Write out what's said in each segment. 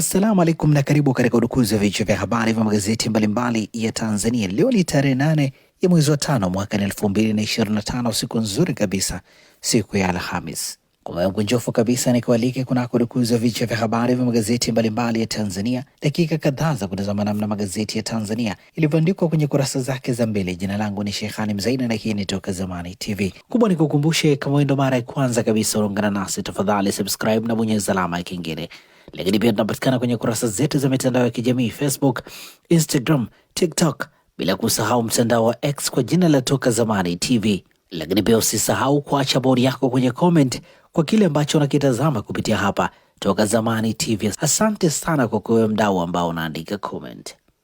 Assalamu alaikum na karibu katika udukuzi wa vichwa vya habari vya magazeti mbalimbali mbali ya Tanzania. Leo ni tarehe nane ya mwezi wa tano mwaka ni elfu mbili na ishirini na tano. Siku nzuri kabisa, siku ya Alhamis. Kwa moyo mkunjofu kabisa nikualike kunako udukuzi wa vichwa vya habari vya magazeti mbalimbali mbali ya Tanzania, dakika kadhaa za kutazama namna magazeti ya Tanzania ilivyoandikwa kwenye kurasa zake za mbele. Jina langu ni Sheikhani Mzaina na hii ni Toka Zamani TV. Kubwa nikukumbushe, kama wewe ndo mara ya kwanza kabisa unaungana nasi, tafadhali subscribe na bonyeza alama ya kengele lakini pia tunapatikana kwenye kurasa zetu za mitandao ya kijamii Facebook, Instagram, TikTok, bila kusahau mtandao wa X kwa jina la Toka Zamani TV. Lakini pia usisahau kuacha bodi yako kwenye comment kwa kile ambacho unakitazama kupitia hapa Toka Zamani TV. Asante sana kwa kuwe mdau ambao unaandika comment.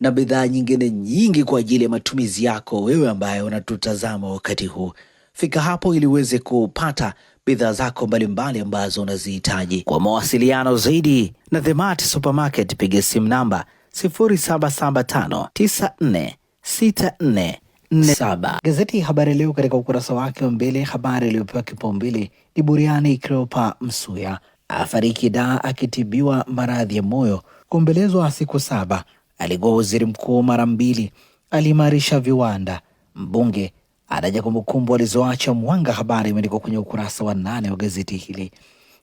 na bidhaa nyingine nyingi kwa ajili ya matumizi yako wewe ambaye unatutazama wakati huu. Fika hapo ili uweze kupata bidhaa zako mbalimbali ambazo unazihitaji. Kwa mawasiliano zaidi na The Mart Supermarket, piga simu namba 0775946447. Gazeti ya Habari Leo katika ukurasa wake wa mbele, habari iliyopewa kipaumbele ni buriani Cleopa Msuya afariki da akitibiwa maradhi ya moyo, kuombelezwa siku saba alikuwa waziri mkuu mara mbili, aliimarisha viwanda, mbunge, anaja kumbukumbu alizoacha. Mwanga habari imeandikwa kwenye ukurasa wa nane wa gazeti hili.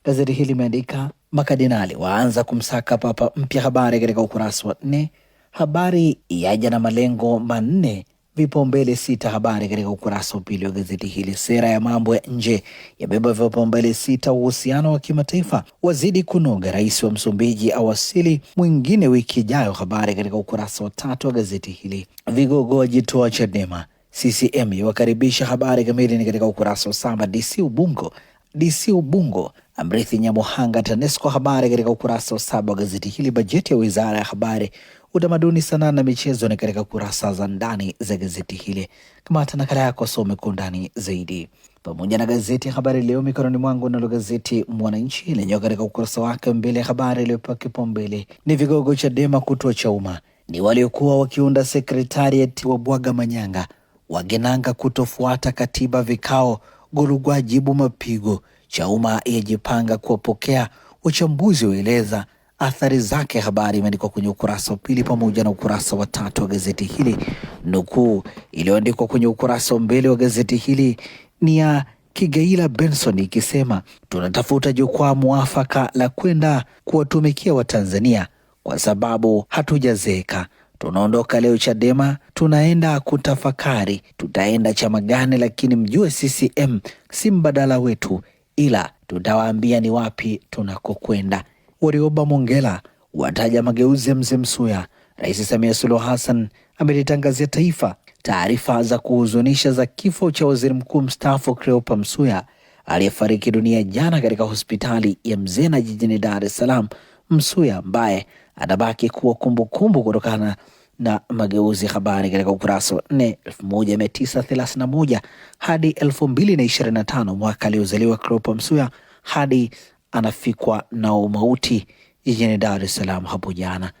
Gazeti hili imeandika makadinali waanza kumsaka papa mpya, habari katika ukurasa wa nne. Habari yaja na malengo manne vipaumbele sita. Habari katika ukurasa wa pili wa gazeti hili. Sera ya mambo ya nje yabeba vipaumbele sita, uhusiano wa kimataifa wazidi kunoga, rais wa Msumbiji awasili mwingine wiki ijayo. Habari katika ukurasa wa tatu wa gazeti hili. Vigogo wajitoa Chadema, CCM yawakaribisha. Habari kamili ni katika ukurasa wa saba. DC Ubungo, DC Ubungo amrithi Nyamuhanga TANESCO. Habari katika ukurasa wa saba wa gazeti hili. Bajeti ya wizara ya habari utamaduni, sanaa na michezo ni katika kurasa za ndani za gazeti hili. Kamata nakala yako, some kwa undani zaidi pamoja na gazeti ya Habari Leo mikononi mwangu. Nalo gazeti Mwananchi lenyewe katika ukurasa wake mbele ya habari iliyopewa kipaumbele ni vigogo Chadema kutoa Chauma, ni waliokuwa wakiunda sekretariat wa bwaga manyanga, wagenanga kutofuata katiba vikao, gurugwa jibu mapigo, Chauma yajipanga kuwapokea, wachambuzi waeleza athari zake. Habari imeandikwa kwenye ukurasa wa pili pamoja na ukurasa wa tatu wa gazeti hili. Nukuu iliyoandikwa kwenye ukurasa wa mbele wa gazeti hili ni ya Kigaila Benson ikisema tunatafuta jukwaa mwafaka la kwenda kuwatumikia Watanzania kwa sababu hatujazeeka. Tunaondoka leo Chadema, tunaenda kutafakari tutaenda chama gani, lakini mjue CCM si mbadala wetu, ila tutawaambia ni wapi tunakokwenda. Warioba Mongela wataja mageuzi ya mzee Msuya. Rais Samia Suluhu Hassan amelitangazia taifa taarifa za kuhuzunisha za kifo cha waziri mkuu mstaafu Cleopa Msuya aliyefariki dunia jana katika hospitali ya Mzena jijini Dar es Salaam. Msuya ambaye anabaki kuwa kumbukumbu kutokana na mageuzi. Habari katika ukurasa wa 4. 1931 hadi 2025 mwaka aliozaliwa Cleopa Msuya hadi anafikwa na umauti jijini Dar es Salaam hapo jana.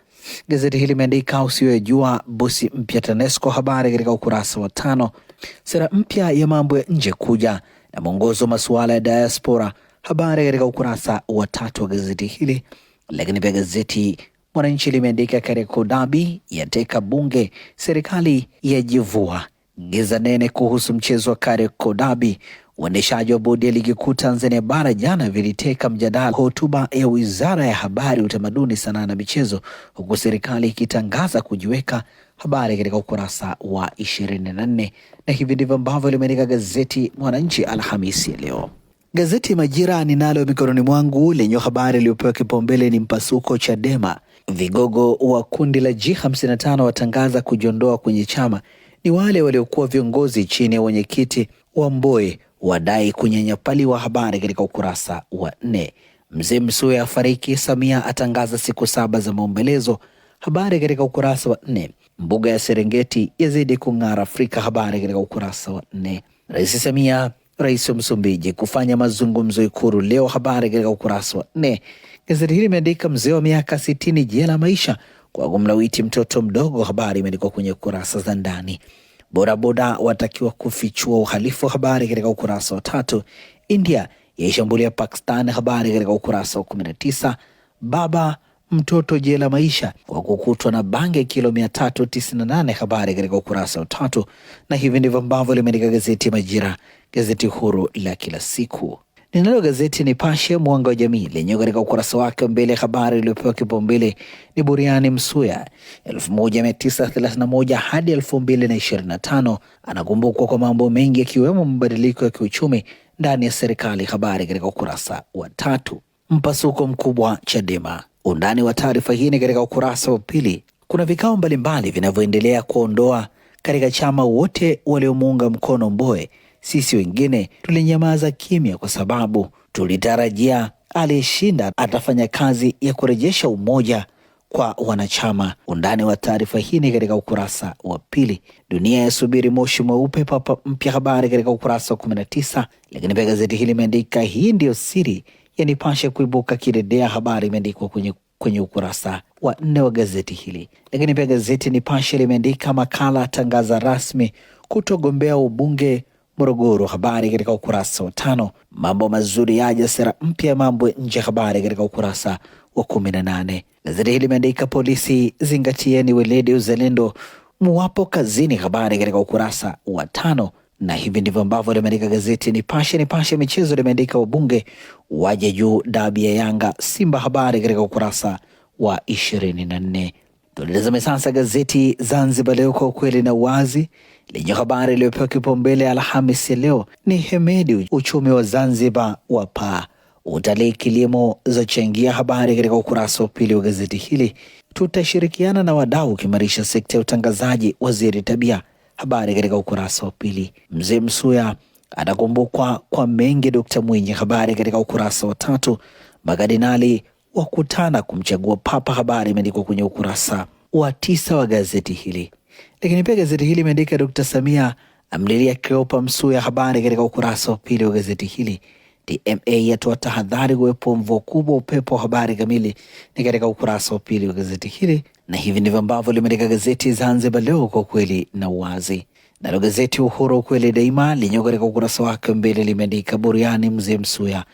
Gazeti hili limeandika usiyojua bosi mpya TANESCO, habari katika ukurasa wa tano. Sera mpya ya mambo ya nje kuja na mwongozo wa masuala ya diaspora, habari katika ukurasa wa tatu wa gazeti hili. Lakini pia gazeti Mwananchi limeandika Kariakoo dabi yateka bunge, serikali yajivua giza nene kuhusu mchezo wa Kariakoo dabi, Uendeshaji wa bodi ya ligi kuu Tanzania bara jana viliteka mjadala hotuba ya wizara ya habari, utamaduni, sanaa na michezo, huku serikali ikitangaza kujiweka habari katika ukurasa wa 24 na hivi ndivyo ambavyo limeandika gazeti Mwananchi Alhamisi ya leo. Gazeti Majira ninalo mikononi mwangu lenye habari iliyopewa kipaumbele ni mpasuko Chadema, vigogo wa kundi la G55 watangaza kujiondoa kwenye chama. Ni wale waliokuwa viongozi chini ya wenyekiti wa Mboe wadai kunyanyapaliwa. Habari katika ukurasa wa nne. Mzee Msuya afariki, Samia atangaza siku saba za maombolezo. Habari katika ukurasa wa nne. Mbuga ya Serengeti yazidi kung'ara Afrika. Habari katika ukurasa wa nne. Rais Samia rais wa Msumbiji kufanya mazungumzo Ikuru leo. Habari katika ukurasa wa nne. Gazeti hili imeandika mzee wa miaka sitini jela maisha kwa kumlawiti mtoto mdogo. Habari imeandikwa kwenye kurasa za ndani. Bodaboda watakiwa kufichua uhalifu wa habari katika ukurasa wa tatu. India yaishambulia Pakistan, habari katika ukurasa wa tisa. Baba mtoto jela maisha kwa kukutwa na bange kilo mia tatu nane habari katika ukurasa wa tatu. Na hivi ndivyo ambavyo limeandika gazeti ya Majira, gazeti huru la kila siku. Ninalo gazeti Nipashe mwanga wa jamii lenyewe katika ukurasa wake wa mbele habari iliyopewa kipaumbele ni Buriani Msuya 1931 hadi 2025 anakumbukwa kwa mambo mengi yakiwemo mabadiliko ya kiuchumi ndani ya serikali. Habari katika ukurasa wa tatu. Mpasuko mkubwa Chadema. Undani wa taarifa hii ni katika ukurasa wa pili. Kuna vikao mbalimbali vinavyoendelea kuondoa katika chama wote waliomuunga mkono Mbowe sisi wengine tulinyamaza kimya kwa sababu tulitarajia aliyeshinda atafanya kazi ya kurejesha umoja kwa wanachama. Undani wa taarifa hii ni katika ukurasa wa pili. Dunia yasubiri moshi mweupe, papa mpya, habari katika ukurasa wa tisa. Lakini pia gazeti hili imeandika hii ndiyo siri ya Nipashe kuibuka kidedea, habari imeandikwa kwenye kwenye ukurasa wa nne wa gazeti hili. Lakini pia gazeti Nipashe limeandika makala tangaza rasmi kutogombea ubunge Morogoro. Habari katika ukurasa wa tano. Mambo mazuri yaja sera mpya ya mambo ya nje. Habari katika ukurasa wa kumi na nane. Gazeti hili limeandika polisi, zingatieni weledi uzalendo muwapo kazini. Habari katika ukurasa wa tano na hivi ndivyo ambavyo limeandika gazeti Nipashe. Nipashe michezo limeandika wabunge waje juu dabi ya Yanga Simba, habari katika ukurasa wa ishirini na nne. Tunalitazame sasa gazeti Zanzibar Leo kwa ukweli na uwazi lenye habari iliyopewa kipaumbele Alhamis ya leo ni Hemedi, uchumi wa Zanzibar wa paa, utalii, kilimo zachangia. Habari katika ukurasa wa pili wa gazeti hili. Tutashirikiana na wadau kuimarisha sekta ya utangazaji, waziri Tabia. Habari katika ukurasa wa pili. Mzee Msuya atakumbukwa kwa mengi, Dkt Mwinyi. Habari katika ukurasa wa tatu. makadinali wakutana kumchagua papa. Habari imeandikwa kwenye ukurasa wa tisa wa gazeti hili. Lakini pia gazeti hili imeandika Dkt. Samia amlilia Cleopa Msuya, habari katika ukurasa wa pili wa gazeti hili. DMA yatoa tahadhari kuwepo mvua kubwa, upepo wa habari kamili ni katika ukurasa wa pili wa gazeti hili, na hivi ndivyo ambavyo limeandika gazeti Zanzibar Leo kwa kweli na uwazi. Nalo gazeti Uhuru kweli daima lenyewe katika ukurasa wake mbele limeandika buriani mzee Msuya,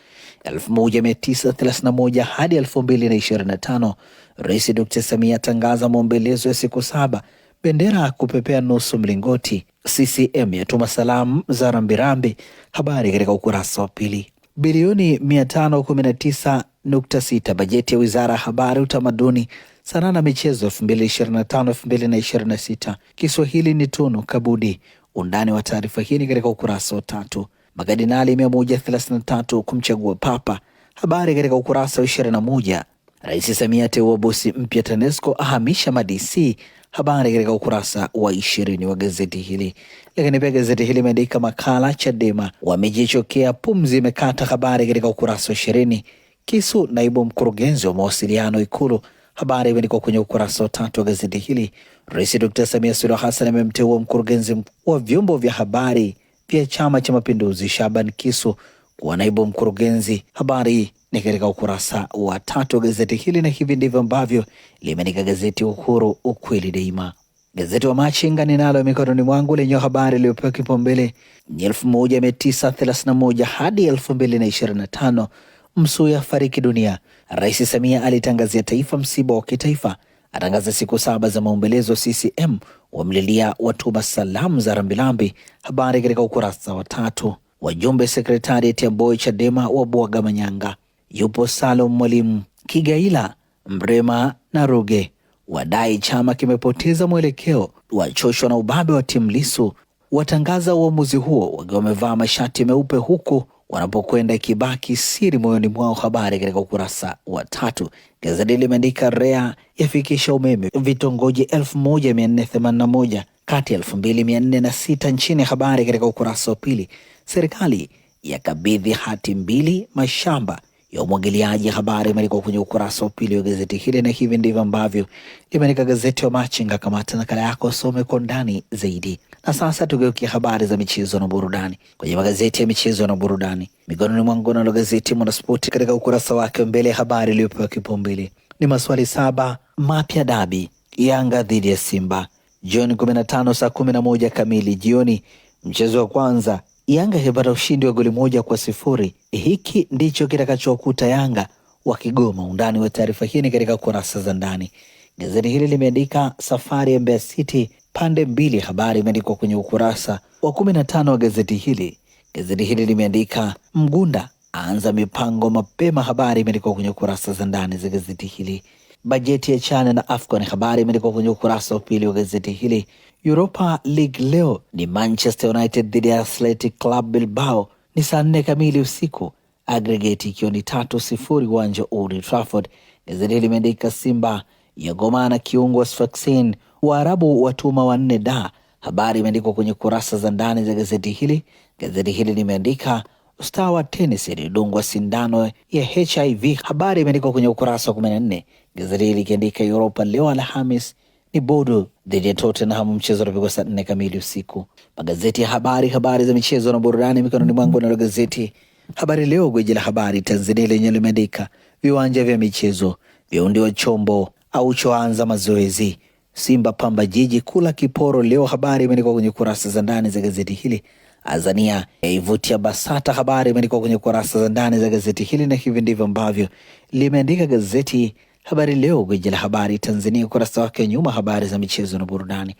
1931 hadi 2025, Rais Dr. Samia tangaza maombelezo ya siku saba, bendera kupepea nusu mlingoti, CCM yatuma salamu za rambirambi. Habari katika ukurasa wa pili. Bilioni 519.6 bajeti ya Wizara ya Habari, Utamaduni, Sanaa na Michezo 2025/2026. Kiswahili ni tunu kabudi. Undani wa taarifa hii ni katika ukurasa wa tatu makardinali 133 kumchagua papa. Habari katika ukurasa wa 21. Rais Samia ateua bosi mpya TANESCO ahamisha madc. Habari katika ukurasa wa ishirini wa gazeti hili. Lakini pia gazeti hili imeandika makala Chadema wamejichokea pumzi imekata. Habari katika ukurasa wa ishirini. Kisu naibu mkurugenzi wa mawasiliano Ikulu. Habari imeandikwa kwenye ukurasa wa tatu wa gazeti hili. Rais Dr Samia Suluhu Hassan amemteua mkurugenzi mkuu wa vyombo vya habari pia Chama cha Mapinduzi Shaban Kisu kuwa naibu mkurugenzi. Habari ni katika ukurasa wa tatu wa gazeti hili, na hivi ndivyo ambavyo limeandika gazeti Uhuru, ukweli daima. Gazeti wa Machinga ninalo mikononi mwangu lenye habari iliyopewa kipaumbele ni 1931 hadi 2025 Msuya fariki dunia. Rais Samia alitangazia taifa msiba wa kitaifa, atangaza siku saba za maombolezo CCM wamlilia watuma salamu za rambirambi. Habari katika ukurasa wa tatu. Wajumbe sekretarieti ya Boy Chadema bwaga manyanga. Yupo Salum Mwalimu, Kigaila, Mrema na Ruge wadai chama kimepoteza mwelekeo, wachoshwa na ubabe wa timu Lisu, watangaza uamuzi huo wakiwa wamevaa mashati meupe, huku wanapokwenda ikibaki siri moyoni mwao. Habari katika ukurasa wa tatu, gazeti limeandika REA yafikisha umeme vitongoji 1481 kati ya 2406 nchini. Habari katika ukurasa wa pili, serikali yakabidhi hati mbili mashamba ya umwagiliaji. Habari imeandikwa kwenye ukurasa wa pili wa gazeti hili, na hivi ndivyo ambavyo limeandika gazeti wa Machinga. Kamata nakala yako, some kwa ndani zaidi. Na sasa tugeukia habari za michezo na burudani kwenye magazeti ya michezo na burudani. Mikononi mwangu nalo gazeti Mwanaspoti, katika ukurasa wake wa mbele, habari iliyopewa kipaumbele ni maswali saba mapya dabi Yanga dhidi ya Simba, jioni 15 saa 11 kamili jioni, mchezo wa kwanza Yanga ilipata ushindi wa goli moja kwa sifuri. Hiki ndicho kitakachokuta Yanga wa Kigoma. Undani wa taarifa hii ni katika kurasa za ndani. Gazeti hili limeandika safari ya Mbeya City pande mbili. Habari imeandikwa kwenye ukurasa wa kumi na tano wa gazeti hili. Gazeti hili limeandika Mgunda aanza mipango mapema. Habari imeandikwa kwenye kurasa za ndani za gazeti hili. Bajeti ya Chana na AFCON, habari imeandikwa kwenye ukurasa wa pili wa gazeti hili. Europa League leo ni Manchester United dhidi ya Athletic Club Bilbao, ni saa nne kamili usiku, agregeti ikiwa ni tatu sifuri, uwanja Old Trafford. Gazeti limeandika Simba yagomana kiungo Sfaxien, Waarabu watuma wanne da. Habari imeandikwa kwenye kurasa za ndani za gazeti hili. Gazeti hili limeandika ustaa wa tenis aliyodungwa sindano ya HIV. Habari imeandikwa kwenye ukurasa wa kumi na nne, gazeti hili likiandika Europa leo Alhamis ni Bodo dhidi ya Tottenham, mchezo unapigwa saa nne kamili usiku. Magazeti ya habari, habari za michezo na burudani mikononi mwangu, nalo gazeti Habari Leo, gweji la habari Tanzania lenye limeandika viwanja vya michezo vyaundiwa chombo au choanza mazoezi Simba pamba jiji kula kiporo leo. Habari imeandikwa kwenye kurasa za ndani za gazeti hili. Azania yaivutia Basata, habari imeandikwa kwenye kurasa za ndani za gazeti hili, na hivi ndivyo ambavyo limeandika gazeti Habari Leo, gwiji la habari Tanzania, ukurasa wake wa nyuma, habari za michezo na burudani.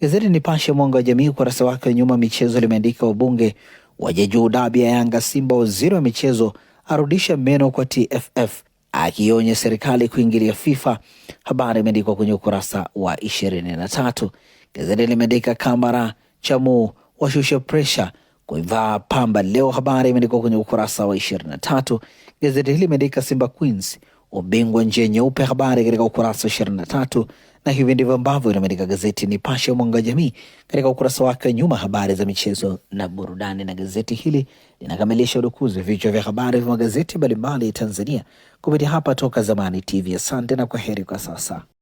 Gazeti Nipashe mwanga wa jamii, ukurasa wake wa nyuma, michezo, limeandika wabunge waja juu dabi ya Yanga Simba, waziri wa michezo arudisha meno kwa TFF akionya serikali kuingilia FIFA. Habari imeandikwa kwenye ukurasa wa ishirini na tatu. Gazeti limeandika Kamara Chamuu washusha presha kuivaa Pamba Leo. Habari imeandikwa kwenye ukurasa wa ishirini na tatu. Gazeti hili limeandika Simba Queens Ubingwa njia nyeupe, habari katika ukurasa wa 23, na hivi ndivyo ambavyo inaandika gazeti Nipashe ya mwanga jamii katika ukurasa wake wa nyuma, habari za michezo na burudani. Na gazeti hili linakamilisha udukuzi vichwa vya habari vya magazeti mbalimbali Tanzania kupitia hapa Toka Zamani TV. Asante na kwa heri kwa sasa.